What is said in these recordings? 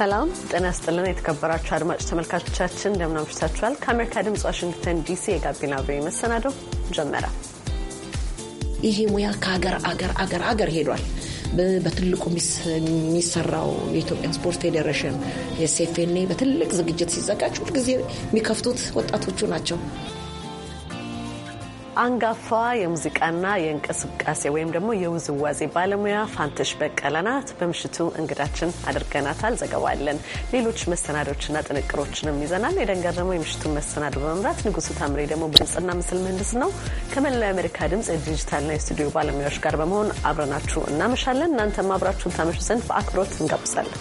ሰላም ጤና ስጥልን። የተከበራችሁ አድማጭ ተመልካቾቻችን እንደምን አምሽታችኋል? ከአሜሪካ ድምጽ ዋሽንግተን ዲሲ የጋቢና ቪኦኤ መሰናደው ጀመረ። ይሄ ሙያ ከአገር አገር አገር አገር ሄዷል። በትልቁ የሚሰራው የኢትዮጵያ ስፖርት ፌዴሬሽን የሴፌኔ በትልቅ ዝግጅት ሲዘጋጅ ሁልጊዜ የሚከፍቱት ወጣቶቹ ናቸው። አንጋፋ የሙዚቃና የእንቅስቃሴ ወይም ደግሞ የውዝዋዜ ባለሙያ ፋንተሽ በቀለናት በምሽቱ እንግዳችን አድርገናታል። ዘገባለን ሌሎች መሰናዶችና ጥንቅሮችንም ይዘናል። የደንገረመው የምሽቱን መሰናዶ በመምራት ንጉሱ ታምሬ ደግሞ በድምፅና ምስል ምህንድስ ነው። ከመላው የአሜሪካ ድምፅ የዲጂታልና የስቱዲዮ ባለሙያዎች ጋር በመሆን አብረናችሁ እናመሻለን። እናንተም አብራችሁን ታመሹ ዘንድ በአክብሮት እንጋብዛለን።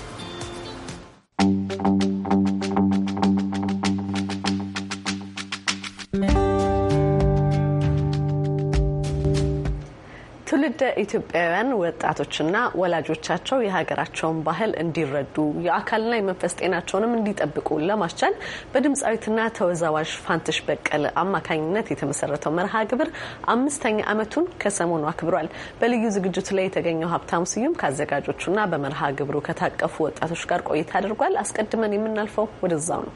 ትውልደ ኢትዮጵያውያን ወጣቶችና ወላጆቻቸው የሀገራቸውን ባህል እንዲረዱ የአካልና የመንፈስ ጤናቸውንም እንዲጠብቁ ለማስቻል በድምፃዊትና ተወዛዋዥ ፋንትሽ በቀለ አማካኝነት የተመሰረተው መርሃ ግብር አምስተኛ ዓመቱን ከሰሞኑ አክብሯል። በልዩ ዝግጅቱ ላይ የተገኘው ሀብታሙ ስዩም ከአዘጋጆቹና በመርሃ ግብሩ ከታቀፉ ወጣቶች ጋር ቆይታ አድርጓል። አስቀድመን የምናልፈው ወደዛው ነው።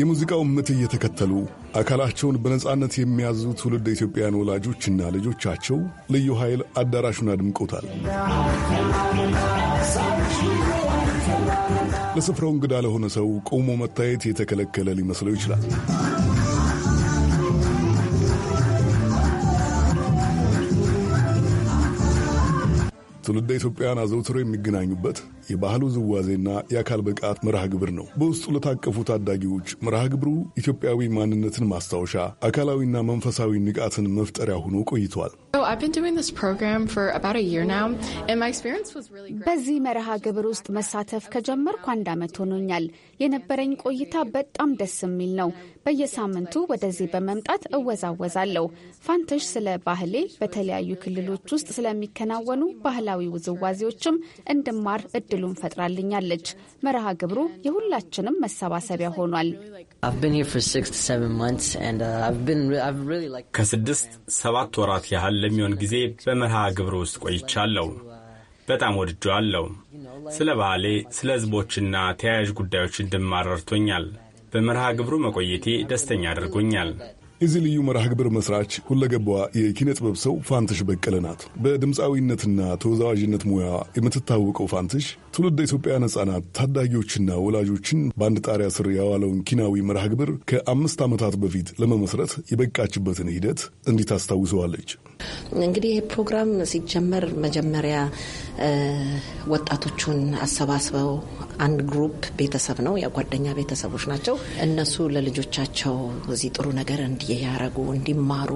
የሙዚቃውን ምት እየተከተሉ አካላቸውን በነጻነት የሚያዙ ትውልድ ኢትዮጵያውያን ወላጆችና ልጆቻቸው ልዩ ኃይል አዳራሹን አድምቆታል። ለስፍራው እንግዳ ለሆነ ሰው ቆሞ መታየት የተከለከለ ሊመስለው ይችላል። ትውልደ ኢትዮጵያውያን አዘውትረው የሚገናኙበት የባህል ውዝዋዜና የአካል ብቃት መርሃ ግብር ነው። በውስጡ ለታቀፉ ታዳጊዎች መርሃ ግብሩ ኢትዮጵያዊ ማንነትን ማስታወሻ፣ አካላዊና መንፈሳዊ ንቃትን መፍጠሪያ ሆኖ ቆይቷል። በዚህ መርሃ ግብር ውስጥ መሳተፍ ከጀመርኩ አንድ ዓመት ሆኖኛል። የነበረኝ ቆይታ በጣም ደስ የሚል ነው። በየሳምንቱ ወደዚህ በመምጣት እወዛወዛለሁ። ፋንትሽ ስለ ባህሌ፣ በተለያዩ ክልሎች ውስጥ ስለሚከናወኑ ባህላዊ ውዝዋዜዎችም እንድማር እድል እድሉን ፈጥራልኛለች። መርሃ ግብሩ የሁላችንም መሰባሰቢያ ሆኗል። uh, ከስድስት ሰባት ወራት ያህል ለሚሆን ጊዜ በመርሃ ግብሩ ውስጥ ቆይቻለሁ። በጣም ወድጄዋለሁ። ስለ ባህሌ፣ ስለ ህዝቦችና ተያያዥ ጉዳዮች እንድማር በመርሃ ግብሩ መቆየቴ ደስተኛ አድርጎኛል። የዚህ ልዩ መርሃ ግብር መስራች ሁለገቧ የኪነ ጥበብ ሰው ፋንትሽ በቀለ ናት። በድምፃዊነትና ተወዛዋዥነት ሙያ የምትታወቀው ፋንትሽ ትውልድ ኢትዮጵያውያን ሕጻናት ታዳጊዎችና ወላጆችን በአንድ ጣሪያ ስር ያዋለውን ኪናዊ መርሃ ግብር ከአምስት ዓመታት በፊት ለመመስረት የበቃችበትን ሂደት እንዲህ አስታውሰዋለች። እንግዲህ ይህ ፕሮግራም ሲጀመር መጀመሪያ ወጣቶቹን አሰባስበው አንድ ግሩፕ ቤተሰብ ነው፣ የጓደኛ ቤተሰቦች ናቸው። እነሱ ለልጆቻቸው እዚህ ጥሩ ነገር እንዲያረጉ፣ እንዲማሩ፣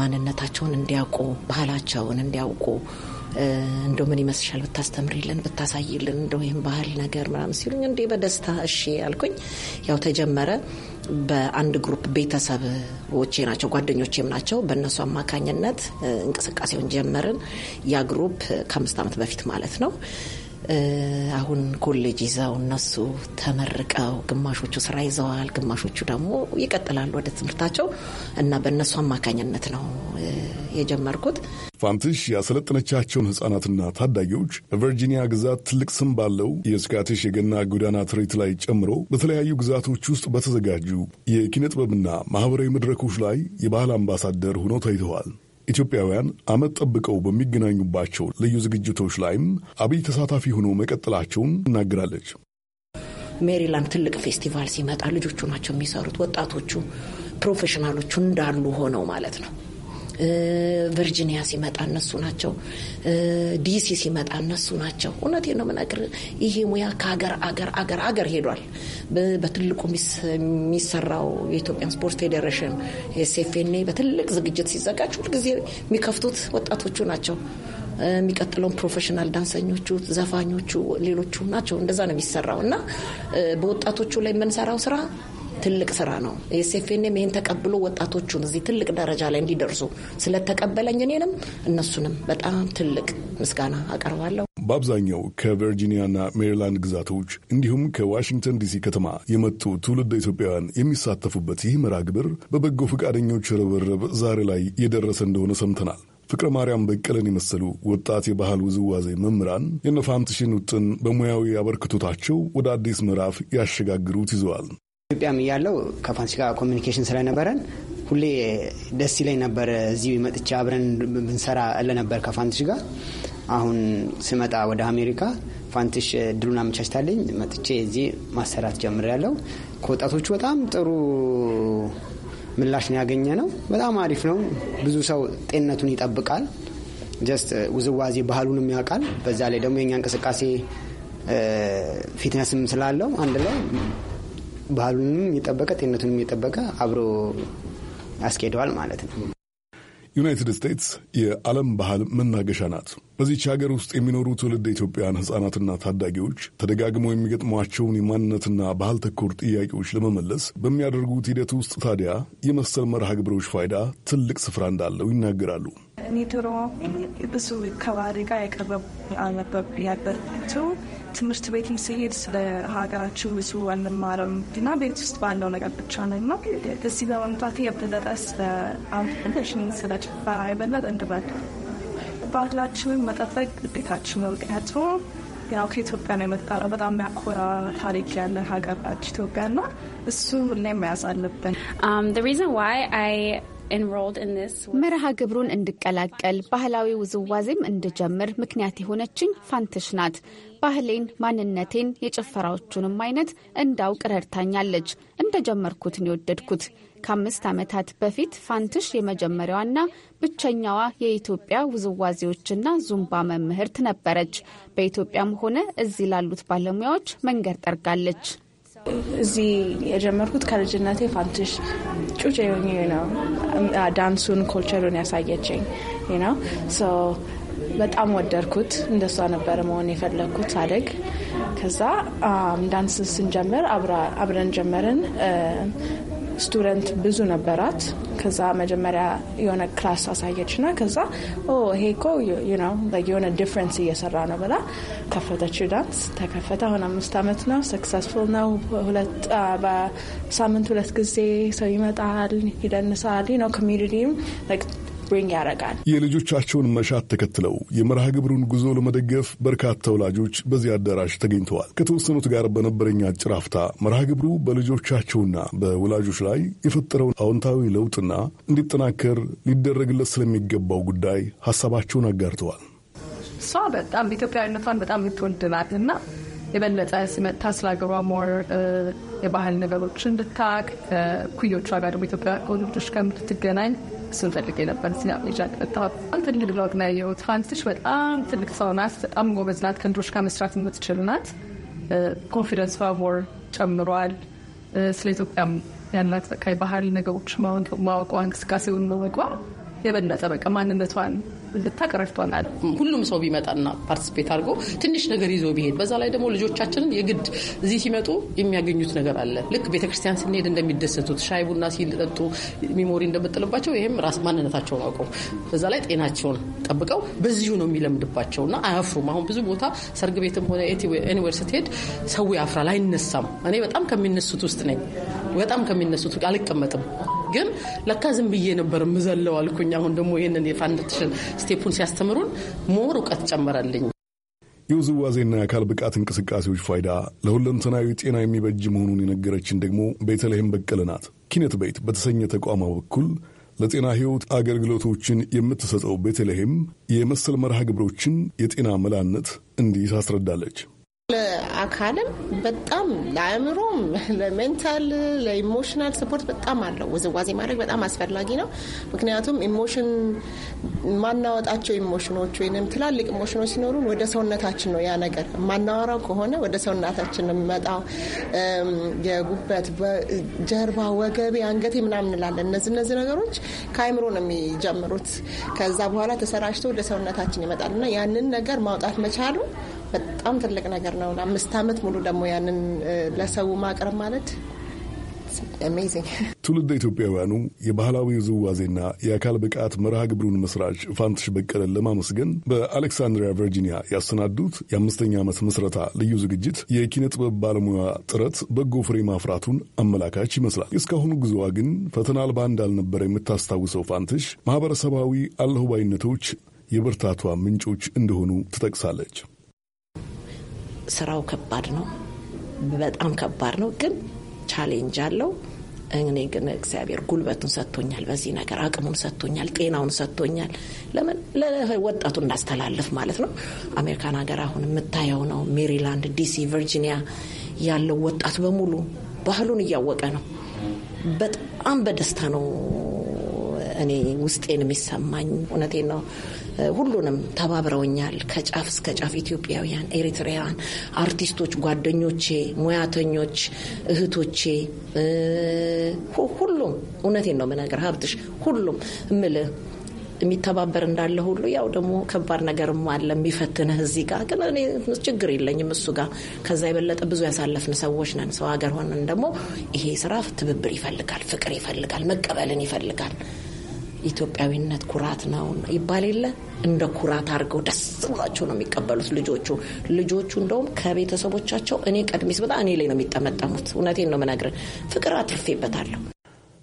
ማንነታቸውን እንዲያውቁ፣ ባህላቸውን እንዲያውቁ እንደ ምን ይመስልሻል ብታስተምሪልን ብታሳይልን እንደ ይህም ባህል ነገር ምናምን ሲሉኝ እንዲህ በደስታ እሺ ያልኩኝ ያው ተጀመረ። በአንድ ግሩፕ ቤተሰቦቼ ናቸው ጓደኞቼም ናቸው። በእነሱ አማካኝነት እንቅስቃሴውን ጀመርን። ያ ግሩፕ ከአምስት ዓመት በፊት ማለት ነው። አሁን ኮሌጅ ይዘው እነሱ ተመርቀው ግማሾቹ ስራ ይዘዋል፣ ግማሾቹ ደግሞ ይቀጥላሉ ወደ ትምህርታቸው እና በእነሱ አማካኝነት ነው የጀመርኩት። ፋንትሽ ያሰለጠነቻቸውን ህጻናትና ታዳጊዎች በቨርጂኒያ ግዛት ትልቅ ስም ባለው የስካቲሽ የገና ጎዳና ትርኢት ላይ ጨምሮ በተለያዩ ግዛቶች ውስጥ በተዘጋጁ የኪነ ጥበብና ማህበራዊ መድረኮች ላይ የባህል አምባሳደር ሆነው ታይተዋል። ኢትዮጵያውያን ዓመት ጠብቀው በሚገናኙባቸው ልዩ ዝግጅቶች ላይም አብይ ተሳታፊ ሆኖ መቀጠላቸውን ትናገራለች። ሜሪላንድ ትልቅ ፌስቲቫል ሲመጣ ልጆቹ ናቸው የሚሰሩት፣ ወጣቶቹ ፕሮፌሽናሎቹ እንዳሉ ሆነው ማለት ነው። ቨርጂኒያ ሲመጣ እነሱ ናቸው፣ ዲሲ ሲመጣ እነሱ ናቸው። እውነት ነው የምነግርህ። ይሄ ሙያ ከሀገር አገር አገር አገር ሄዷል። በትልቁ የሚሰራው የኢትዮጵያን ስፖርት ፌዴሬሽን ኤስኤፍኤንኤ በትልቅ ዝግጅት ሲዘጋጅ ሁልጊዜ የሚከፍቱት ወጣቶቹ ናቸው። የሚቀጥለውን ፕሮፌሽናል ዳንሰኞቹ፣ ዘፋኞቹ፣ ሌሎቹ ናቸው። እንደዛ ነው የሚሰራው እና በወጣቶቹ ላይ የምንሰራው ስራ ትልቅ ስራ ነው። ኤስኤፍኤንም ይህን ተቀብሎ ወጣቶቹን እዚህ ትልቅ ደረጃ ላይ እንዲደርሱ ስለተቀበለኝ እኔንም እነሱንም በጣም ትልቅ ምስጋና አቀርባለሁ። በአብዛኛው ከቨርጂኒያና ሜሪላንድ ግዛቶች እንዲሁም ከዋሽንግተን ዲሲ ከተማ የመጡ ትውልድ ኢትዮጵያውያን የሚሳተፉበት ይህ መርሃ ግብር በበጎ ፈቃደኞች ርብርብ ዛሬ ላይ የደረሰ እንደሆነ ሰምተናል። ፍቅረ ማርያም በቀለን የመሰሉ ወጣት የባህል ውዝዋዜ መምህራን የነፋንትሽን ውጥን በሙያዊ አበርክቶታቸው ወደ አዲስ ምዕራፍ ያሸጋግሩት ይዘዋል። ኢትዮጵያም እያለው ከፋንሲ ጋር ኮሚኒኬሽን ስለነበረን ሁሌ ደስ ይለኝ ነበር። እዚህ መጥቼ አብረን ብንሰራ ለነበር ከፋንትሽ ጋር። አሁን ስመጣ ወደ አሜሪካ ፋንትሽ እድሉን አመቻችታለኝ መጥቼ እዚህ ማሰራት ጀምሬያለሁ። ከወጣቶቹ በጣም ጥሩ ምላሽ ነው ያገኘ ነው። በጣም አሪፍ ነው። ብዙ ሰው ጤንነቱን ይጠብቃል። ጀስት ውዝዋዜ ባህሉንም ያውቃል። በዛ ላይ ደግሞ የእኛ እንቅስቃሴ ፊትነስም ስላለው አንድ ላይ ባህሉንም የጠበቀ ጤንነቱንም የጠበቀ አብሮ ያስኬደዋል ማለት ነው። ዩናይትድ ስቴትስ የዓለም ባህል መናገሻ ናት። በዚች ሀገር ውስጥ የሚኖሩ ትውልድ ኢትዮጵያውያን ሕጻናትና ታዳጊዎች ተደጋግመው የሚገጥሟቸውን የማንነትና ባህል ተኮር ጥያቄዎች ለመመለስ በሚያደርጉት ሂደት ውስጥ ታዲያ የመሰል መርሃ ግብሮች ፋይዳ ትልቅ ስፍራ እንዳለው ይናገራሉ። እኔ ድሮ ብዙ ከባህሪ ጋር የቀረቡ አልነበር ያበቱ ትምህርት ቤትም ስሄድ ስለ ሀገራችሁ ብዙ አንማረም እና ቤት ውስጥ ባለው ነገር ብቻ ነው እና እዚህ በመምጣት የበለጠ ስለ አንሽ ስለ ጭፈራ የበለጠ እንድበል ባህላችንን መጠበቅ ግዴታችን ነው። ምክንያቱም ያው ከኢትዮጵያ ነው የመጣ በጣም የሚያኮራ ታሪክ ያለ ሀገር ሀገራችን ኢትዮጵያ ና እሱ ላይ መያዝ አለብን። um, መርሃ ግብሩን እንድቀላቀል ባህላዊ ውዝዋዜም እንድጀምር ምክንያት የሆነችኝ ፋንትሽ ናት። ባህሌን፣ ማንነቴን፣ የጭፈራዎቹንም አይነት እንዳውቅ ረድታኛለች። እንደጀመርኩትን የወደድኩት ከአምስት ዓመታት በፊት ፋንትሽ የመጀመሪያዋና ብቸኛዋ የኢትዮጵያ ውዝዋዜዎችና ዙምባ መምህርት ነበረች። በኢትዮጵያም ሆነ እዚህ ላሉት ባለሙያዎች መንገድ ጠርጋለች። እዚህ የጀመርኩት ከልጅነቴ ፋንትሽ ጩጭ ነው ዳንሱን ኮልቸሩን ያሳየችኝ ነው። በጣም ወደድኩት። እንደሷ ነበረ መሆን የፈለግኩት አደግ። ከዛ ዳንስ ስንጀምር አብረን ጀመርን። ስቱደንት ብዙ ነበራት። ከዛ መጀመሪያ የሆነ ክላስ አሳየች ና ከዛ ይሄ እኮ የሆነ ዲፍረንስ እየሰራ ነው ብላ ከፈተች። ዳንስ ተከፈተ። አሁን አምስት አመት ነው። ሰክሰስፉል ነው። በሳምንት ሁለት ጊዜ ሰው ይመጣል፣ ይደንሳል ነው ኮሚኒቲም ብሪንግ ያደርጋል። የልጆቻቸውን መሻት ተከትለው የመርሃ ግብሩን ጉዞ ለመደገፍ በርካታ ወላጆች በዚህ አዳራሽ ተገኝተዋል። ከተወሰኑት ጋር በነበረኝ አጭር አፍታ መርሃ ግብሩ በልጆቻቸውና በወላጆች ላይ የፈጠረውን አዎንታዊ ለውጥና እንዲጠናከር ሊደረግለት ስለሚገባው ጉዳይ ሀሳባቸውን አጋርተዋል። እሷ በጣም ኢትዮጵያዊነቷን በጣም የምትወድ ናት እና የበለጠ ሲመጣ ስለ ሀገሯ ሞር የባህል ነገሮች እንድታቅ ኩዮቿ ጋር ደግሞ ኢትዮጵያ ልጆች ከምትገናኝ እሱን ፈልጌ ነበር እዚህ አሜሪካ መጣሁ። በጣም ትልቅ ለውጥ ነው ያየሁት። ፋንትሽ በጣም ትልቅ ሰው ናት። በጣም ጎበዝ ናት። ከልጆች ጋር መስራት የምትችል ናት። ኮንፊደንስ ፋቮር ጨምሯል። ስለ ኢትዮጵያም ያላት በቃ የባህል ነገሮች ማወቋ እንቅስቃሴውን መግባ የበለጠ በቃ ማንነቷን እንድታቅ ሁሉም ሰው ቢመጣና ፓርቲስፔት አድርጎ ትንሽ ነገር ይዞ ቢሄድ፣ በዛ ላይ ደግሞ ልጆቻችንን የግድ እዚህ ሲመጡ የሚያገኙት ነገር አለ። ልክ ቤተክርስቲያን ስንሄድ እንደሚደሰቱት ሻይ ቡና ሲጠጡ ሚሞሪ እንደምጥልባቸው ይህም ራስ ማንነታቸውን አውቀው በዛ ላይ ጤናቸውን ጠብቀው በዚሁ ነው የሚለምድባቸውና አያፍሩም። አሁን ብዙ ቦታ ሰርግ ቤትም ሆነ ኤኒዌር ስትሄድ ሰው ያፍራል፣ አይነሳም። እኔ በጣም ከሚነሱት ውስጥ ነኝ። በጣም ከሚነሱት አልቀመጥም። ግን ለካ ዝም ብዬ ነበር ምዘለው አልኩኝ። አሁን ደግሞ ይህንን የፋንድትሽን ስቴፑን ሲያስተምሩን ሞር እውቀት ጨመረልኝ። የውዝዋዜና የአካል ብቃት እንቅስቃሴዎች ፋይዳ ለሁለንተናዊ ጤና የሚበጅ መሆኑን የነገረችን ደግሞ ቤተልሔም በቀለ ናት። ኪነት ቤት በተሰኘ ተቋማ በኩል ለጤና ሕይወት አገልግሎቶችን የምትሰጠው ቤተልሔም የመሰል መርሃ ግብሮችን የጤና መላነት እንዲህ አስረዳለች። ለአካልም በጣም ለአእምሮም፣ ለሜንታል፣ ለኢሞሽናል ስፖርት በጣም አለው። ውዝዋዜ ማድረግ በጣም አስፈላጊ ነው። ምክንያቱም ኢሞሽን ማናወጣቸው ኢሞሽኖች ወይም ትላልቅ ኢሞሽኖች ሲኖሩን ወደ ሰውነታችን ነው ያ ነገር ማናወራው ከሆነ ወደ ሰውነታችን የሚመጣው። የጉበት፣ ጀርባ፣ ወገቤ፣ አንገቴ ምናምን እንላለን። እነዚህ እነዚህ ነገሮች ከአእምሮ ነው የሚጀምሩት። ከዛ በኋላ ተሰራጭቶ ወደ ሰውነታችን ይመጣል እና ያንን ነገር ማውጣት መቻሉ በጣም ትልቅ ነገር ነው። አምስት ዓመት ሙሉ ደግሞ ያንን ለሰው ማቅረብ ማለት ትውልድ ኢትዮጵያውያኑ የባህላዊ ውዝዋዜና የአካል ብቃት መርሃ ግብሩን መስራች ፋንትሽ በቀለን ለማመስገን በአሌክሳንድሪያ ቨርጂኒያ ያሰናዱት የአምስተኛ ዓመት ምስረታ ልዩ ዝግጅት የኪነ ጥበብ ባለሙያ ጥረት በጎ ፍሬ ማፍራቱን አመላካች ይመስላል። እስካሁኑ ጉዞዋ ግን ፈተና አልባ እንዳልነበረ የምታስታውሰው ፋንትሽ ማህበረሰባዊ አለሁባይነቶች የብርታቷ ምንጮች እንደሆኑ ትጠቅሳለች። ስራው ከባድ ነው፣ በጣም ከባድ ነው፣ ግን ቻሌንጅ አለው። እኔ ግን እግዚአብሔር ጉልበቱን ሰጥቶኛል፣ በዚህ ነገር አቅሙን ሰጥቶኛል፣ ጤናውን ሰጥቶኛል። ለምን ለወጣቱ እንዳስተላልፍ ማለት ነው። አሜሪካን ሀገር አሁን የምታየው ነው። ሜሪላንድ፣ ዲሲ፣ ቨርጂኒያ ያለው ወጣት በሙሉ ባህሉን እያወቀ ነው። በጣም በደስታ ነው እኔ ውስጤን የሚሰማኝ። እውነቴን ነው። ሁሉንም ተባብረውኛል። ከጫፍ እስከ ጫፍ ኢትዮጵያውያን፣ ኤሪትሪያውያን አርቲስቶች፣ ጓደኞቼ፣ ሙያተኞች፣ እህቶቼ ሁሉም እውነቴን ነው ምነገር ሀብትሽ ሁሉም እምልህ የሚተባበር እንዳለ ሁሉ ያው ደግሞ ከባድ ነገርም አለ የሚፈትንህ። እዚህ ጋር ግን እኔ ችግር የለኝም እሱ ጋር ከዛ የበለጠ ብዙ ያሳለፍን ሰዎች ነን። ሰው ሀገር ሆነን ደግሞ ይሄ ስራ ትብብር ይፈልጋል፣ ፍቅር ይፈልጋል፣ መቀበልን ይፈልጋል። ኢትዮጵያዊነት ኩራት ነው ይባል የለ እንደ ኩራት አድርገው ደስ ብሏቸው ነው የሚቀበሉት ልጆቹ። ልጆቹ እንደውም ከቤተሰቦቻቸው እኔ ቀድሚስ በጣም እኔ ላይ ነው የሚጠመጠሙት። እውነቴን ነው የምነግርህ፣ ፍቅር አትርፌበታለሁ።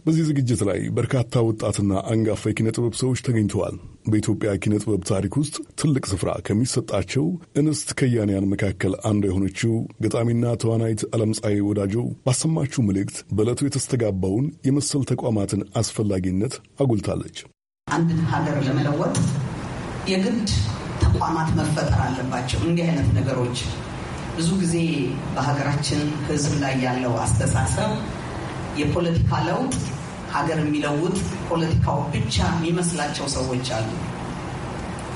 በዚህ ዝግጅት ላይ በርካታ ወጣትና አንጋፋ የኪነ ጥበብ ሰዎች ተገኝተዋል። በኢትዮጵያ ኪነ ጥበብ ታሪክ ውስጥ ትልቅ ስፍራ ከሚሰጣቸው እንስት ከያንያን መካከል አንዷ የሆነችው ገጣሚና ተዋናይት ዓለምፀሐይ ወዳጆ ባሰማችው መልእክት በዕለቱ የተስተጋባውን የመሰል ተቋማትን አስፈላጊነት አጉልታለች። አንድን ሀገር ለመለወጥ የግድ ተቋማት መፈጠር አለባቸው። እንዲህ አይነት ነገሮች ብዙ ጊዜ በሀገራችን ሕዝብ ላይ ያለው አስተሳሰብ የፖለቲካ ለውጥ ሀገር የሚለውጥ ፖለቲካው ብቻ የሚመስላቸው ሰዎች አሉ።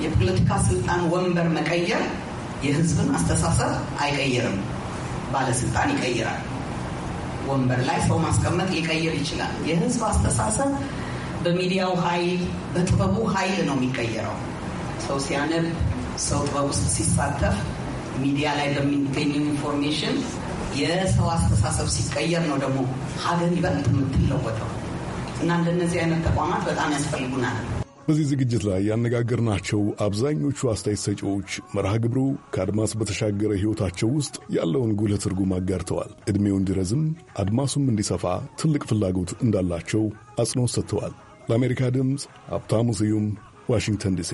የፖለቲካ ስልጣን ወንበር መቀየር የህዝብን አስተሳሰብ አይቀይርም። ባለስልጣን ይቀይራል። ወንበር ላይ ሰው ማስቀመጥ ሊቀይር ይችላል። የህዝብ አስተሳሰብ በሚዲያው ኃይል፣ በጥበቡ ኃይል ነው የሚቀየረው። ሰው ሲያነብ፣ ሰው ጥበብ ውስጥ ሲሳተፍ፣ ሚዲያ ላይ በሚገኙ ኢንፎርሜሽን የሰው አስተሳሰብ ሲቀየር ነው ደግሞ ሀገር ይበልጥ የምትለወጠው እና እንደነዚህ አይነት ተቋማት በጣም ያስፈልጉናል። በዚህ ዝግጅት ላይ ያነጋገርናቸው አብዛኞቹ አስተያየት ሰጪዎች መርሃ ግብሩ ከአድማስ በተሻገረ ሕይወታቸው ውስጥ ያለውን ጉልህ ትርጉም አጋርተዋል። ዕድሜው እንዲረዝም አድማሱም እንዲሰፋ ትልቅ ፍላጎት እንዳላቸው አጽንኦት ሰጥተዋል። ለአሜሪካ ድምፅ ሀብታሙ ስዩም ዋሽንግተን ዲሲ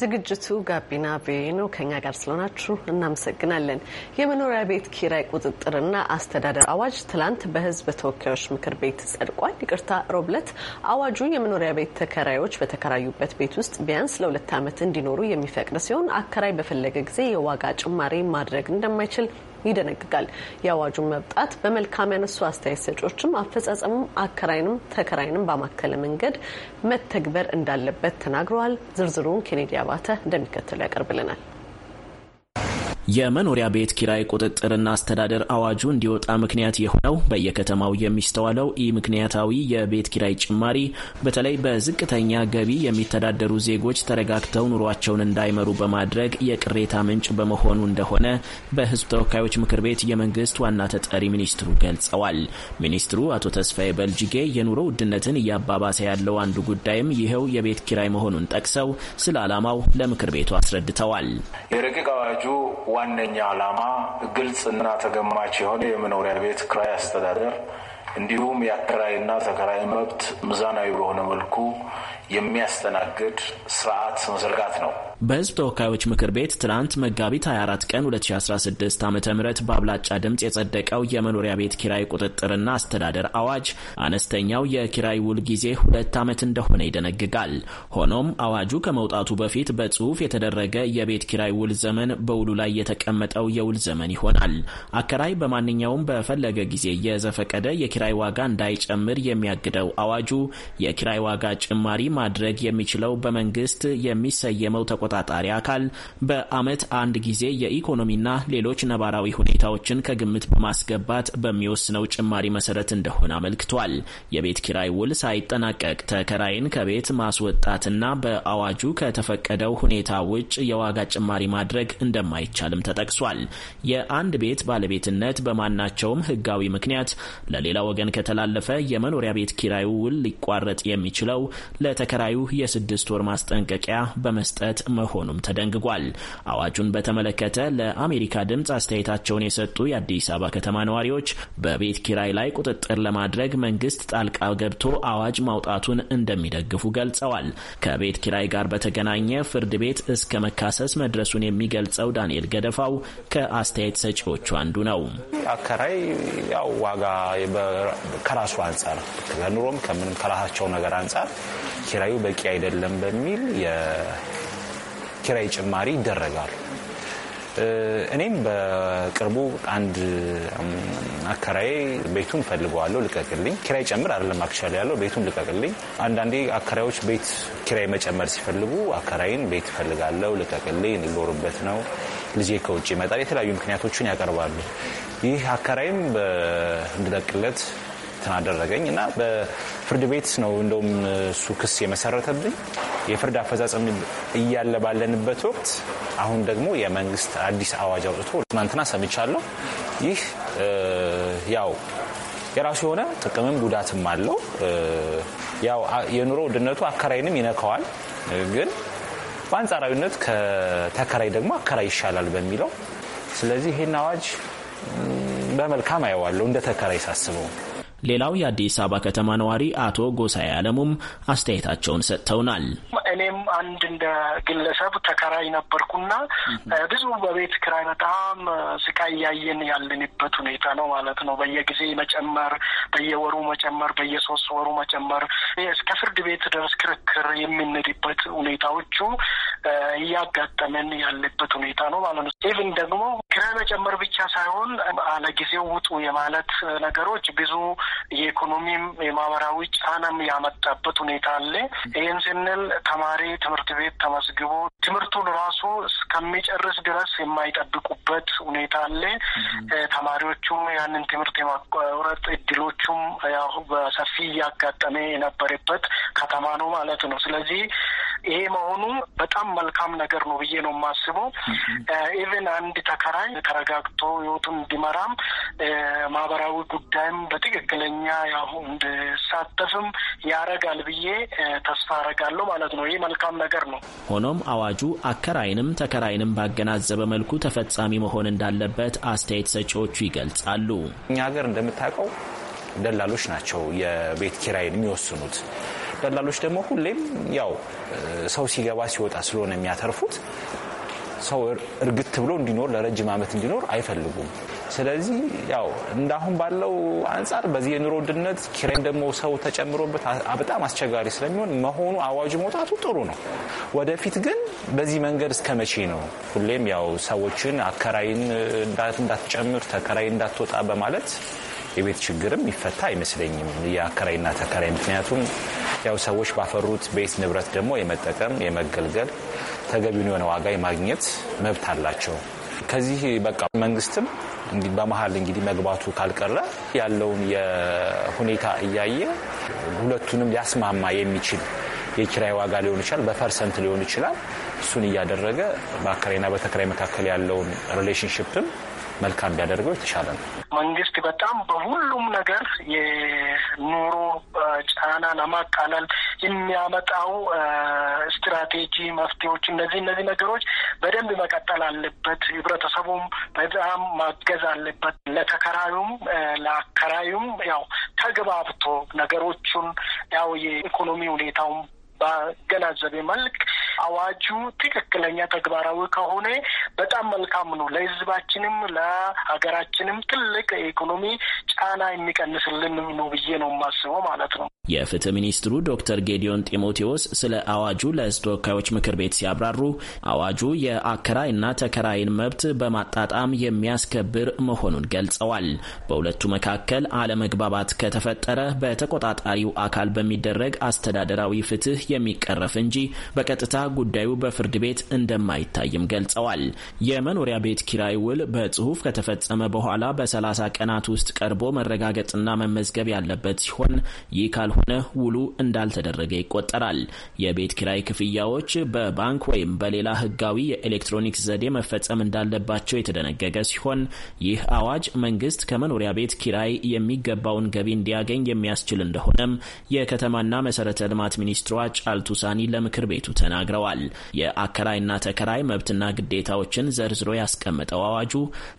ዝግጅቱ ጋቢና ቪኦኤ ነው። ከኛ ጋር ስለሆናችሁ እናመሰግናለን። የመኖሪያ ቤት ኪራይ ቁጥጥርና አስተዳደር አዋጅ ትላንት በሕዝብ ተወካዮች ምክር ቤት ጸድቋል። ይቅርታ ሮብለት አዋጁ የመኖሪያ ቤት ተከራዮች በተከራዩበት ቤት ውስጥ ቢያንስ ለሁለት ዓመት እንዲኖሩ የሚፈቅድ ሲሆን አከራይ በፈለገ ጊዜ የዋጋ ጭማሪ ማድረግ እንደማይችል ይደነግጋል። የአዋጁን መብጣት በመልካም ያነሱ አስተያየት ሰጮችም አፈጻጸሙም አከራይንም ተከራይንም ባማከለ መንገድ መተግበር እንዳለበት ተናግረዋል። ዝርዝሩን ኬኔዲ አባተ እንደሚከተሉ ያቀርብልናል። የመኖሪያ ቤት ኪራይ ቁጥጥርና አስተዳደር አዋጁ እንዲወጣ ምክንያት የሆነው በየከተማው የሚስተዋለው ኢ ምክንያታዊ የቤት ኪራይ ጭማሪ በተለይ በዝቅተኛ ገቢ የሚተዳደሩ ዜጎች ተረጋግተው ኑሯቸውን እንዳይመሩ በማድረግ የቅሬታ ምንጭ በመሆኑ እንደሆነ በሕዝብ ተወካዮች ምክር ቤት የመንግስት ዋና ተጠሪ ሚኒስትሩ ገልጸዋል። ሚኒስትሩ አቶ ተስፋዬ በልጅጌ የኑሮ ውድነትን እያባባሰ ያለው አንዱ ጉዳይም ይኸው የቤት ኪራይ መሆኑን ጠቅሰው ስለ ዓላማው ለምክር ቤቱ አስረድተዋል። የረቂቅ አዋጁ ዋነኛ ዓላማ ግልጽና ተገማች የሆነ የመኖሪያ ቤት ክራይ አስተዳደር እንዲሁም የአከራይና ተከራይ መብት ሚዛናዊ በሆነ መልኩ የሚያስተናግድ ስርዓት መዘርጋት ነው። በህዝብ ተወካዮች ምክር ቤት ትናንት መጋቢት 24 ቀን 2016 ዓ ም በአብላጫ ድምፅ የጸደቀው የመኖሪያ ቤት ኪራይ ቁጥጥርና አስተዳደር አዋጅ አነስተኛው የኪራይ ውል ጊዜ ሁለት ዓመት እንደሆነ ይደነግጋል። ሆኖም አዋጁ ከመውጣቱ በፊት በጽሑፍ የተደረገ የቤት ኪራይ ውል ዘመን በውሉ ላይ የተቀመጠው የውል ዘመን ይሆናል። አከራይ በማንኛውም በፈለገ ጊዜ የዘፈቀደ የኪራይ ዋጋ እንዳይጨምር የሚያግደው አዋጁ የኪራይ ዋጋ ጭማሪ ማድረግ የሚችለው በመንግስት የሚሰየመው ተቆ ተቆጣጣሪ አካል በዓመት አንድ ጊዜ የኢኮኖሚና ሌሎች ነባራዊ ሁኔታዎችን ከግምት በማስገባት በሚወስነው ጭማሪ መሰረት እንደሆነ አመልክቷል። የቤት ኪራይ ውል ሳይጠናቀቅ ተከራይን ከቤት ማስወጣትና በአዋጁ ከተፈቀደው ሁኔታ ውጭ የዋጋ ጭማሪ ማድረግ እንደማይቻልም ተጠቅሷል። የአንድ ቤት ባለቤትነት በማናቸውም ህጋዊ ምክንያት ለሌላ ወገን ከተላለፈ የመኖሪያ ቤት ኪራዩ ውል ሊቋረጥ የሚችለው ለተከራዩ የስድስት ወር ማስጠንቀቂያ በመስጠት መሆኑም ተደንግጓል። አዋጁን በተመለከተ ለአሜሪካ ድምፅ አስተያየታቸውን የሰጡ የአዲስ አበባ ከተማ ነዋሪዎች በቤት ኪራይ ላይ ቁጥጥር ለማድረግ መንግስት ጣልቃ ገብቶ አዋጅ ማውጣቱን እንደሚደግፉ ገልጸዋል። ከቤት ኪራይ ጋር በተገናኘ ፍርድ ቤት እስከ መካሰስ መድረሱን የሚገልጸው ዳንኤል ገደፋው ከአስተያየት ሰጪዎቹ አንዱ ነው። አከራይ ያው ዋጋ ከራሱ አንጻር ከኑሮም ከምንም ከራሳቸው ነገር አንጻር ኪራዩ በቂ አይደለም በሚል ኪራይ ጭማሪ ይደረጋል። እኔም በቅርቡ አንድ አከራዬ ቤቱን ፈልገዋለሁ፣ ልቀቅልኝ፣ ኪራይ ጨምር አይደለም አክቻል ያለው ቤቱን ልቀቅልኝ። አንዳንዴ አከራዮች ቤት ኪራይ መጨመር ሲፈልጉ አከራይን ቤት ፈልጋለሁ፣ ልቀቅልኝ፣ ልኖርበት ነው፣ ልጄ ከውጭ ይመጣል፣ የተለያዩ ምክንያቶችን ያቀርባሉ። ይህ አከራይም እንድለቅለት ትናደረገኝ እና በፍርድ ቤት ነው እንደውም እሱ ክስ የመሰረተብኝ የፍርድ አፈጻጸም እያለ ባለንበት ወቅት አሁን ደግሞ የመንግስት አዲስ አዋጅ አውጥቶ ትናንትና ሰምቻለሁ። ይህ ያው የራሱ የሆነ ጥቅምም ጉዳትም አለው። ያው የኑሮ ውድነቱ አከራይንም ይነካዋል። ግን በአንጻራዊነት ከተከራይ ደግሞ አከራይ ይሻላል በሚለው ስለዚህ ይህን አዋጅ በመልካም አየዋለሁ እንደ ተከራይ ሳስበው ሌላው የአዲስ አበባ ከተማ ነዋሪ አቶ ጎሳዬ አለሙም አስተያየታቸውን ሰጥተውናል። እኔም አንድ እንደ ግለሰብ ተከራይ ነበርኩና ብዙ በቤት ክራይ በጣም ስቃይ እያየን ያለንበት ሁኔታ ነው ማለት ነው። በየጊዜ መጨመር፣ በየወሩ መጨመር፣ በየሶስት ወሩ መጨመር እስከ ፍርድ ቤት ድረስ ክርክር የምንሄድበት ሁኔታዎቹ እያጋጠመን ያለበት ሁኔታ ነው ማለት ነው። ኢቭን ደግሞ ኪራይ መጨመር ብቻ ሳይሆን አለጊዜው ውጡ የማለት ነገሮች ብዙ የኢኮኖሚም የማህበራዊ ጫናም ያመጣበት ሁኔታ አለ። ይህን ስንል ተማሪ ትምህርት ቤት ተመዝግቦ ትምህርቱን ራሱ እስከሚጨርስ ድረስ የማይጠብቁበት ሁኔታ አለ። ተማሪዎቹም ያንን ትምህርት የማቋረጥ እድሎቹም ያው በሰፊ እያጋጠመ የነበረበት ከተማ ነው ማለት ነው። ስለዚህ ይሄ መሆኑ በጣም መልካም ነገር ነው ብዬ ነው የማስበው። ኢቨን አንድ ተከራይ ተረጋግቶ ህይወቱን እንዲመራም ማህበራዊ ጉዳይም በትክክለኛ ያሁ እንድሳተፍም ያረጋል ብዬ ተስፋ አረጋለሁ ማለት ነው። ይህ መልካም ነገር ነው። ሆኖም አዋጁ አከራይንም ተከራይንም ባገናዘበ መልኩ ተፈጻሚ መሆን እንዳለበት አስተያየት ሰጪዎቹ ይገልጻሉ። እኛ ሀገር እንደምታውቀው ደላሎች ናቸው የቤት ኪራይን የሚወስኑት። ደላሎች ደግሞ ሁሌም ያው ሰው ሲገባ ሲወጣ ስለሆነ የሚያተርፉት ሰው እርግት ብሎ እንዲኖር ለረጅም ዓመት እንዲኖር አይፈልጉም። ስለዚህ ያው እንዳሁን ባለው አንጻር በዚህ የኑሮ ውድነት ኪራይም ደግሞ ሰው ተጨምሮበት በጣም አስቸጋሪ ስለሚሆን መሆኑ አዋጁ መውጣቱ ጥሩ ነው። ወደፊት ግን በዚህ መንገድ እስከ መቼ ነው ሁሌም ያው ሰዎችን አከራይን እንዳትጨምር ተከራይ እንዳትወጣ በማለት የቤት ችግርም ይፈታ አይመስለኝም የአከራይና ተከራይ ምክንያቱም ያው ሰዎች ባፈሩት ቤት ንብረት ደግሞ የመጠቀም የመገልገል ተገቢውን የሆነ ዋጋ የማግኘት መብት አላቸው። ከዚህ በቃ መንግስትም በመሀል እንግዲህ መግባቱ ካልቀረ ያለውን የሁኔታ እያየ ሁለቱንም ሊያስማማ የሚችል የኪራይ ዋጋ ሊሆን ይችላል፣ በፐርሰንት ሊሆን ይችላል እሱን እያደረገ በአከራይና በተከራይ መካከል ያለውን ሪሌሽንሽፕም መልካም ቢያደርገው የተሻለ ነው። መንግስት በጣም በሁሉም ነገር የኑሮ ጫና ለማቃለል የሚያመጣው ስትራቴጂ መፍትሄዎች፣ እነዚህ እነዚህ ነገሮች በደንብ መቀጠል አለበት። ህብረተሰቡም በጣም ማገዝ አለበት። ለተከራዩም ለአከራዩም ያው ተግባብቶ ነገሮቹን ያው የኢኮኖሚ ሁኔታውም ባገናዘበ መልክ አዋጁ ትክክለኛ ተግባራዊ ከሆነ በጣም መልካም ነው። ለህዝባችንም፣ ለሀገራችንም ትልቅ የኢኮኖሚ ጫና የሚቀንስልን ነው ብዬ ነው የማስበው ማለት ነው። የፍትህ ሚኒስትሩ ዶክተር ጌዲዮን ጢሞቴዎስ ስለ አዋጁ ለህዝብ ተወካዮች ምክር ቤት ሲያብራሩ አዋጁ የአከራይና ተከራይን መብት በማጣጣም የሚያስከብር መሆኑን ገልጸዋል። በሁለቱ መካከል አለመግባባት ከተፈጠረ በተቆጣጣሪው አካል በሚደረግ አስተዳደራዊ ፍትህ የሚቀረፍ እንጂ በቀጥታ ጉዳዩ በፍርድ ቤት እንደማይታይም ገልጸዋል። የመኖሪያ ቤት ኪራይ ውል በጽሁፍ ከተፈጸመ በኋላ በ30 ቀናት ውስጥ ቀርቦ መረጋገጥና መመዝገብ ያለበት ሲሆን ይህ ካልሆነ ውሉ እንዳልተደረገ ይቆጠራል። የቤት ኪራይ ክፍያዎች በባንክ ወይም በሌላ ህጋዊ የኤሌክትሮኒክስ ዘዴ መፈጸም እንዳለባቸው የተደነገገ ሲሆን ይህ አዋጅ መንግስት ከመኖሪያ ቤት ኪራይ የሚገባውን ገቢ እንዲያገኝ የሚያስችል እንደሆነም የከተማና መሰረተ ልማት ሚኒስትሯ ጫልቱ ሳኒ ለምክር ቤቱ ተናግረዋል። ተናግረዋል። የአከራይና ተከራይ መብትና ግዴታዎችን ዘርዝሮ ያስቀመጠው አዋጁ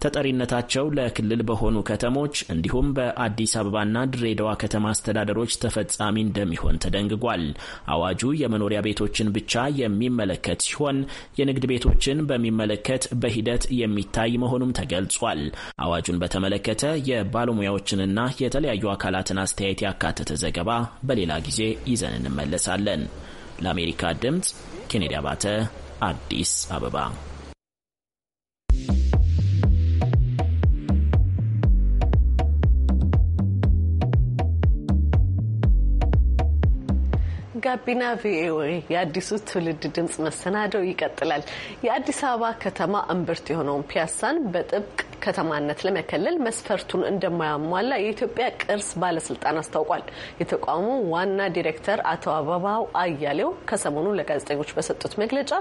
ተጠሪነታቸው ለክልል በሆኑ ከተሞች እንዲሁም በአዲስ አበባና ድሬዳዋ ከተማ አስተዳደሮች ተፈጻሚ እንደሚሆን ተደንግጓል። አዋጁ የመኖሪያ ቤቶችን ብቻ የሚመለከት ሲሆን የንግድ ቤቶችን በሚመለከት በሂደት የሚታይ መሆኑም ተገልጿል። አዋጁን በተመለከተ የባለሙያዎችንና የተለያዩ አካላትን አስተያየት ያካተተ ዘገባ በሌላ ጊዜ ይዘን እንመለሳለን። ለአሜሪካ ድምፅ ኬኔዲ አባተ አዲስ አበባ። ጋቢና ቪኦኤ የአዲሱ ትውልድ ድምጽ መሰናደው ይቀጥላል። የአዲስ አበባ ከተማ እምብርት የሆነውን ፒያሳን በጥብቅ ከተማነት ለመከለል መስፈርቱን እንደማያሟላ የኢትዮጵያ ቅርስ ባለስልጣን አስታውቋል። የተቋሙ ዋና ዲሬክተር አቶ አበባው አያሌው ከሰሞኑ ለጋዜጠኞች በሰጡት መግለጫ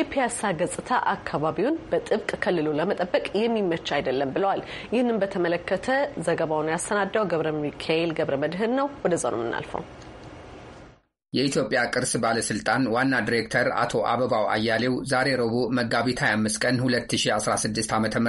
የፒያሳ ገጽታ አካባቢውን በጥብቅ ክልሉ ለመጠበቅ የሚመች አይደለም ብለዋል። ይህንን በተመለከተ ዘገባውን ያሰናዳው ገብረ ሚካኤል ገብረ መድህን ነው። ወደዛው ነው የምናልፈው። የኢትዮጵያ ቅርስ ባለስልጣን ዋና ዲሬክተር አቶ አበባው አያሌው ዛሬ ረቡዕ መጋቢት 25 ቀን 2016 ዓ ም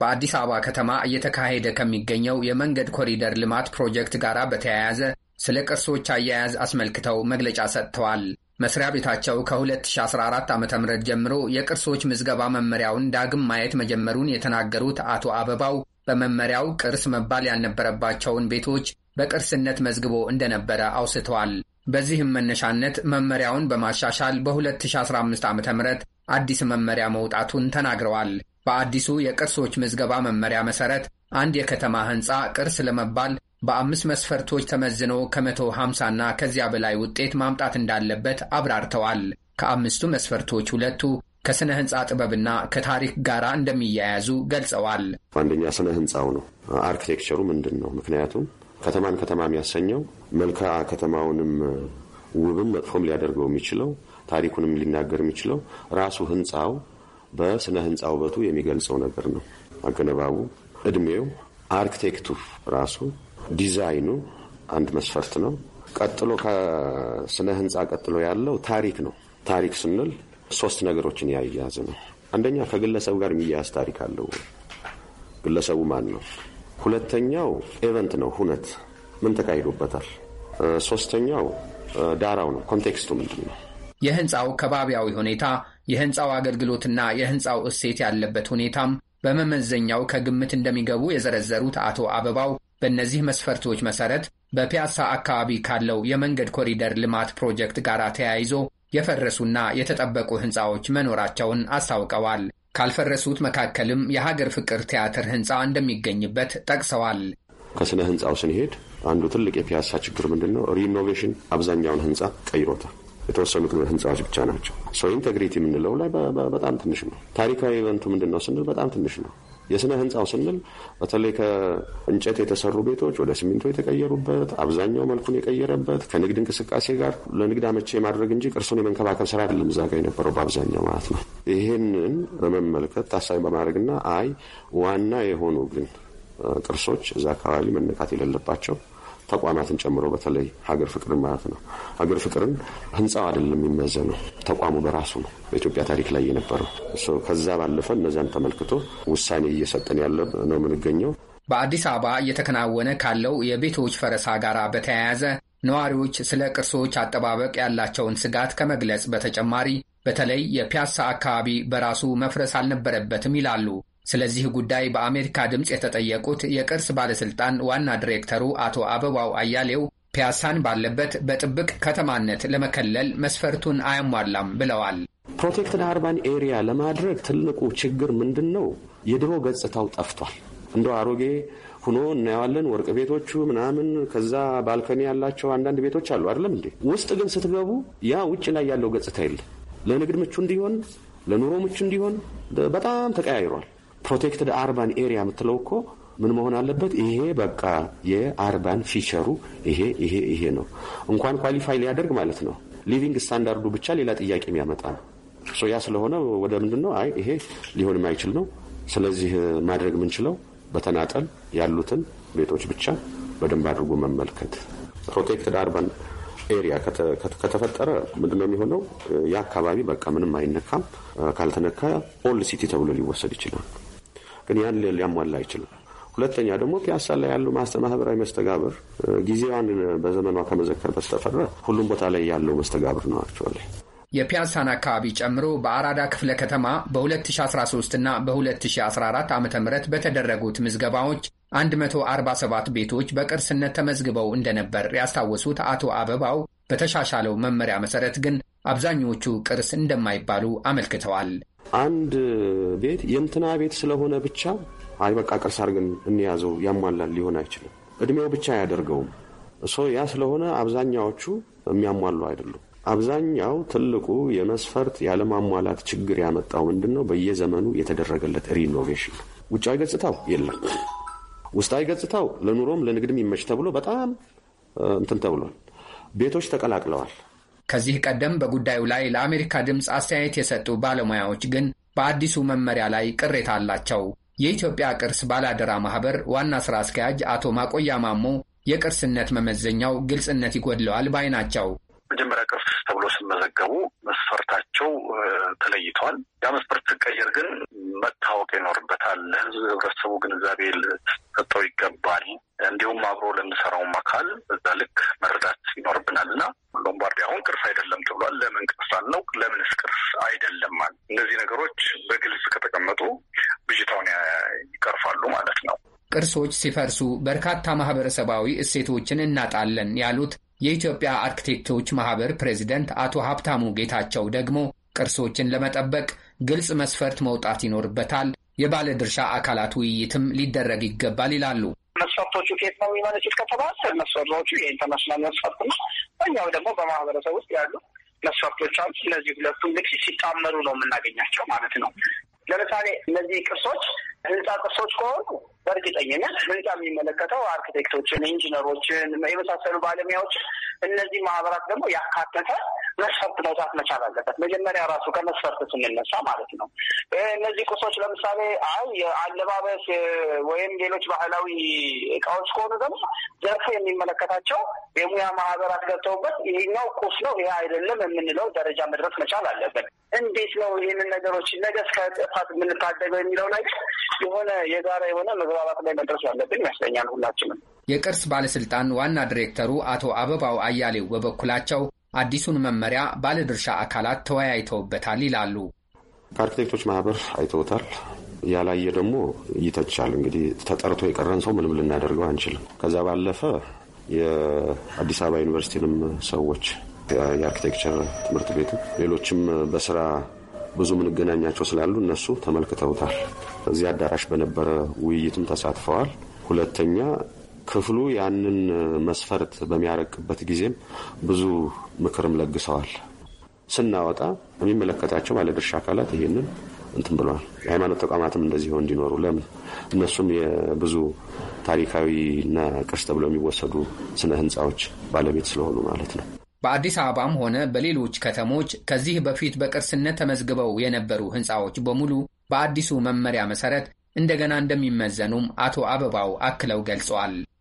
በአዲስ አበባ ከተማ እየተካሄደ ከሚገኘው የመንገድ ኮሪደር ልማት ፕሮጀክት ጋር በተያያዘ ስለ ቅርሶች አያያዝ አስመልክተው መግለጫ ሰጥተዋል። መስሪያ ቤታቸው ከ2014 ዓ ም ጀምሮ የቅርሶች ምዝገባ መመሪያውን ዳግም ማየት መጀመሩን የተናገሩት አቶ አበባው በመመሪያው ቅርስ መባል ያልነበረባቸውን ቤቶች በቅርስነት መዝግቦ እንደነበረ አውስተዋል። በዚህም መነሻነት መመሪያውን በማሻሻል በ2015 ዓ ም አዲስ መመሪያ መውጣቱን ተናግረዋል። በአዲሱ የቅርሶች ምዝገባ መመሪያ መሠረት አንድ የከተማ ሕንፃ ቅርስ ለመባል በአምስት መስፈርቶች ተመዝኖ ከመቶ ሃምሳና ከዚያ በላይ ውጤት ማምጣት እንዳለበት አብራርተዋል። ከአምስቱ መስፈርቶች ሁለቱ ከሥነ ሕንፃ ጥበብና ከታሪክ ጋር እንደሚያያዙ ገልጸዋል። አንደኛ ስነ ሕንፃው ነው። አርኪቴክቸሩ ምንድን ነው? ምክንያቱም ከተማን ከተማ የሚያሰኘው መልክዓ ከተማውንም ውብም መጥፎም ሊያደርገው የሚችለው ታሪኩንም ሊናገር የሚችለው ራሱ ህንፃው በስነ ህንፃ ውበቱ የሚገልጸው ነገር ነው። አገነባቡ፣ እድሜው፣ አርክቴክቱ ራሱ ዲዛይኑ አንድ መስፈርት ነው። ቀጥሎ ከስነ ህንፃ ቀጥሎ ያለው ታሪክ ነው። ታሪክ ስንል ሶስት ነገሮችን ያያዝ ነው። አንደኛ ከግለሰብ ጋር የሚያያዝ ታሪክ አለው። ግለሰቡ ማን ነው? ሁለተኛው ኤቨንት ነው፣ ሁነት ምን ተካሂዶበታል። ሶስተኛው ዳራው ነው፣ ኮንቴክስቱ ምንድን ነው። የህንፃው ከባቢያዊ ሁኔታ፣ የህንፃው አገልግሎትና የህንፃው እሴት ያለበት ሁኔታም በመመዘኛው ከግምት እንደሚገቡ የዘረዘሩት አቶ አበባው በእነዚህ መስፈርቶች መሰረት በፒያሳ አካባቢ ካለው የመንገድ ኮሪደር ልማት ፕሮጀክት ጋር ተያይዞ የፈረሱና የተጠበቁ ህንፃዎች መኖራቸውን አስታውቀዋል። ካልፈረሱት መካከልም የሀገር ፍቅር ቲያትር ህንፃ እንደሚገኝበት ጠቅሰዋል። ከስነ ህንፃው ስንሄድ አንዱ ትልቅ የፒያሳ ችግር ምንድን ነው? ሪኖቬሽን አብዛኛውን ህንፃ ቀይሮታል። የተወሰኑት ህንፃዎች ብቻ ናቸው። ሰው ኢንቴግሪቲ የምንለው ላይ በጣም ትንሽ ነው። ታሪካዊ ኢቨንቱ ምንድን ነው ስንል በጣም ትንሽ ነው። የስነ ህንፃው ስንል በተለይ ከእንጨት የተሰሩ ቤቶች ወደ ሲሚንቶ የተቀየሩበት አብዛኛው መልኩን የቀየረበት ከንግድ እንቅስቃሴ ጋር ለንግድ አመቼ የማድረግ እንጂ ቅርሱን የመንከባከብ ስራ አይደለም እዛ ጋር የነበረው በአብዛኛው ማለት ነው። ይህንን በመመልከት ታሳቢ በማድረግና አይ ዋና የሆኑ ግን ቅርሶች እዛ አካባቢ መነካት የሌለባቸው ተቋማትን ጨምሮ በተለይ ሀገር ፍቅርን ማለት ነው። ሀገር ፍቅርን ህንፃው አይደለም የሚመዘነው ተቋሙ በራሱ ነው በኢትዮጵያ ታሪክ ላይ የነበረው። ከዛ ባለፈ እነዚያን ተመልክቶ ውሳኔ እየሰጠን ያለ ነው የምንገኘው። በአዲስ አበባ እየተከናወነ ካለው የቤቶች ፈረሳ ጋር በተያያዘ ነዋሪዎች ስለ ቅርሶች አጠባበቅ ያላቸውን ስጋት ከመግለጽ በተጨማሪ በተለይ የፒያሳ አካባቢ በራሱ መፍረስ አልነበረበትም ይላሉ ስለዚህ ጉዳይ በአሜሪካ ድምፅ የተጠየቁት የቅርስ ባለስልጣን ዋና ዲሬክተሩ አቶ አበባው አያሌው ፒያሳን ባለበት በጥብቅ ከተማነት ለመከለል መስፈርቱን አያሟላም ብለዋል። ፕሮቴክትድ አርባን ኤሪያ ለማድረግ ትልቁ ችግር ምንድን ነው? የድሮ ገጽታው ጠፍቷል። እንደ አሮጌ ሁኖ እናየዋለን። ወርቅ ቤቶቹ ምናምን፣ ከዛ ባልከኒ ያላቸው አንዳንድ ቤቶች አሉ አይደለም እንዴ? ውስጥ ግን ስትገቡ ያ ውጭ ላይ ያለው ገጽታ የለ። ለንግድ ምቹ እንዲሆን፣ ለኑሮ ምቹ እንዲሆን በጣም ተቀያይሯል። ፕሮቴክትድ አርባን ኤሪያ የምትለው እኮ ምን መሆን አለበት? ይሄ በቃ የአርባን ፊቸሩ ይሄ ይሄ ይሄ ነው። እንኳን ኳሊፋይ ሊያደርግ ማለት ነው። ሊቪንግ ስታንዳርዱ ብቻ ሌላ ጥያቄ የሚያመጣ ነው። ያ ስለሆነ ወደ ምንድን ነው አይ ይሄ ሊሆን የማይችል ነው። ስለዚህ ማድረግ የምንችለው በተናጠል ያሉትን ቤቶች ብቻ በደንብ አድርጎ መመልከት። ፕሮቴክትድ አርባን ኤሪያ ከተፈጠረ ምንድነው የሚሆነው? ያ አካባቢ በቃ ምንም አይነካም። ካልተነካ ኦልድ ሲቲ ተብሎ ሊወሰድ ይችላል። ግን ያን ሊያሟላ አይችልም። ሁለተኛ ደግሞ ፒያሳ ላይ ያለው ማህበራዊ መስተጋብር ጊዜዋን በዘመኗ ከመዘከር በስተፈረ ሁሉም ቦታ ላይ ያለው መስተጋብር ነው አክቹዋሊ የፒያሳን አካባቢ ጨምሮ በአራዳ ክፍለ ከተማ በ2013 እና በ2014 ዓ ም በተደረጉት ምዝገባዎች 147 ቤቶች በቅርስነት ተመዝግበው እንደነበር ያስታወሱት አቶ አበባው በተሻሻለው መመሪያ መሰረት ግን አብዛኞቹ ቅርስ እንደማይባሉ አመልክተዋል። አንድ ቤት የእንትና ቤት ስለሆነ ብቻ አይ በቃ ቅርስ አድርገን እንያዘው ያሟላል ሊሆን አይችልም። እድሜው ብቻ አያደርገውም። እሶ ያ ስለሆነ አብዛኛዎቹ የሚያሟሉ አይደሉም። አብዛኛው ትልቁ የመስፈርት ያለማሟላት ችግር ያመጣው ምንድን ነው? በየዘመኑ የተደረገለት ሪኖቬሽን ውጫዊ ገጽታው የለም። ውስጣዊ ገጽታው ለኑሮም ለንግድም ይመች ተብሎ በጣም እንትን ተብሏል። ቤቶች ተቀላቅለዋል። ከዚህ ቀደም በጉዳዩ ላይ ለአሜሪካ ድምፅ አስተያየት የሰጡ ባለሙያዎች ግን በአዲሱ መመሪያ ላይ ቅሬታ አላቸው። የኢትዮጵያ ቅርስ ባላደራ ማህበር ዋና ሥራ አስኪያጅ አቶ ማቆያ ማሞ የቅርስነት መመዘኛው ግልጽነት ይጎድለዋል ባይ ናቸው። መጀመሪያ ቅርስ ተብሎ ሲመዘገቡ መስፈርታቸው ተለይተዋል። ያ መስፈርት ሲቀየር ግን መታወቅ ይኖርበታል። ለህዝብ ህብረተሰቡ ግንዛቤ ልሰጠው ይገባል። እንዲሁም አብሮ ለሚሰራውም አካል በዛ ልክ መረዳት ይኖርብናል እና ሎምባርዲ አሁን ቅርስ አይደለም ተብሏል። ለምን ቅርስ አልነው? ለምንስ ቅርስ አይደለም አለ? እነዚህ ነገሮች በግልጽ ከተቀመጡ ብዥታውን ይቀርፋሉ ማለት ነው። ቅርሶች ሲፈርሱ በርካታ ማህበረሰባዊ እሴቶችን እናጣለን ያሉት የኢትዮጵያ አርክቴክቶች ማህበር ፕሬዚደንት አቶ ሀብታሙ ጌታቸው ደግሞ ቅርሶችን ለመጠበቅ ግልጽ መስፈርት መውጣት ይኖርበታል፣ የባለድርሻ አካላት ውይይትም ሊደረግ ይገባል ይላሉ። መስፈርቶቹ ከየት ነው የሚመነጩት ከተባለ መስፈርቶቹ የኢንተርናሽናል መስፈርት ነው። እኛው ደግሞ በማህበረሰብ ውስጥ ያሉ መስፈርቶች አሉ። እነዚህ ሁለቱ እንግዲህ ሲጣመሩ ነው የምናገኛቸው ማለት ነው። ለምሳሌ እነዚህ ቅርሶች ህንፃ ቅርሶች ከሆኑ በእርግጠኝነት ህንፃ የሚመለከተው አርኪቴክቶችን፣ ኢንጂነሮችን የመሳሰሉ ባለሙያዎችን እነዚህ ማህበራት ደግሞ ያካተተ መስፈርት መውጣት መቻል አለበት። መጀመሪያ ራሱ ከመስፈርት ስንነሳ ማለት ነው። እነዚህ ቁሶች ለምሳሌ አይ የአለባበስ ወይም ሌሎች ባህላዊ እቃዎች ከሆኑ ደግሞ ዘርፉ የሚመለከታቸው የሙያ ማህበራት ገብተውበት ይህኛው ቁስ ነው ይሄ አይደለም የምንለው ደረጃ መድረስ መቻል አለበት። እንዴት ነው ይህንን ነገሮች ነገ እስከ ጥፋት የምንታደገው የሚለው ላይ የሆነ የጋራ የሆነ መግባባት ላይ መድረስ ያለብን ይመስለኛል ሁላችንም። የቅርስ ባለስልጣን ዋና ዲሬክተሩ አቶ አበባው አያሌው በበኩላቸው አዲሱን መመሪያ ባለድርሻ አካላት ተወያይተውበታል ይላሉ። ከአርኪቴክቶች ማህበር አይተውታል። ያላየ ደግሞ ይተቻል። እንግዲህ ተጠርቶ የቀረን ሰው ምንም ልናደርገው አንችልም። ከዛ ባለፈ የአዲስ አበባ ዩኒቨርሲቲንም ሰዎች የአርኪቴክቸር ትምህርት ቤቱ ሌሎችም በስራ ብዙ ምንገናኛቸው ስላሉ እነሱ ተመልክተውታል። እዚህ አዳራሽ በነበረ ውይይትም ተሳትፈዋል። ሁለተኛ ክፍሉ ያንን መስፈርት በሚያረቅበት ጊዜም ብዙ ምክርም ለግሰዋል። ስናወጣ የሚመለከታቸው ባለድርሻ አካላት ይህንን እንትን ብለዋል። የሃይማኖት ተቋማትም እንደዚህ እንዲኖሩ ለምን እነሱም የብዙ ታሪካዊና ቅርስ ተብለው የሚወሰዱ ስነ ህንፃዎች ባለቤት ስለሆኑ ማለት ነው። በአዲስ አበባም ሆነ በሌሎች ከተሞች ከዚህ በፊት በቅርስነት ተመዝግበው የነበሩ ህንፃዎች በሙሉ በአዲሱ መመሪያ መሰረት እንደገና እንደሚመዘኑም አቶ አበባው አክለው ገልጸዋል።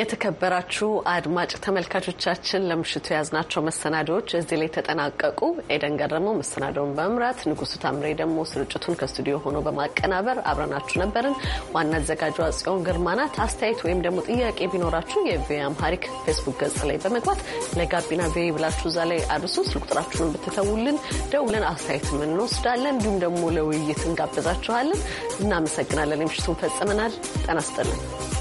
የተከበራችሁ አድማጭ ተመልካቾቻችን ለምሽቱ የያዝናቸው መሰናዶዎች እዚህ ላይ ተጠናቀቁ። ኤደን ገረመው መሰናዶውን በመምራት ንጉሱ ታምሬ ደግሞ ስርጭቱን ከስቱዲዮ ሆኖ በማቀናበር አብረናችሁ ነበርን። ዋና አዘጋጇ ጽዮን ግርማ ናት። አስተያየት ወይም ደግሞ ጥያቄ ቢኖራችሁ የቪኦኤ አምሃሪክ ፌስቡክ ገጽ ላይ በመግባት ለጋቢና ቪኦኤ ብላችሁ እዛ ላይ አድርሱ። ስልክ ቁጥራችሁን ብትተውልን ደውለን አስተያየት እንወስዳለን። እንዲሁም ደግሞ ለውይይት እንጋብዛችኋለን። እናመሰግናለን። የምሽቱን ፈጽመናል። ጤና ይስጥልን።